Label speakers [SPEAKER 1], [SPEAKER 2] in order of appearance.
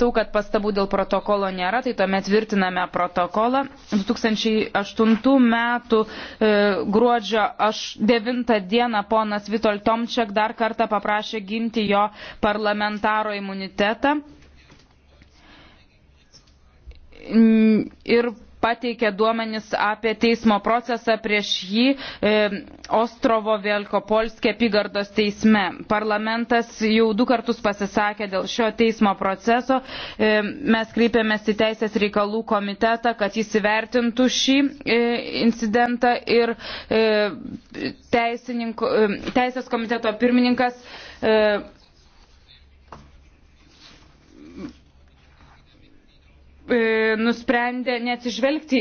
[SPEAKER 1] Matau, kad pastabų dėl protokolo nėra, tai tuomet tvirtiname protokolą. 2008 metų e, gruodžio 9 dieną ponas Vitol Tomčiak dar kartą paprašė ginti jo parlamentaro imunitetą. Ir pateikė duomenis apie teismo procesą prieš jį e, Ostrovo Vėlkopolskė apygardos teisme. Parlamentas jau du kartus pasisakė dėl šio teismo proceso. E, mes kreipėmės į Teisės reikalų komitetą, kad jis įvertintų šį e, incidentą ir e, e teisės komiteto pirmininkas e, nusprendė neatsižvelgti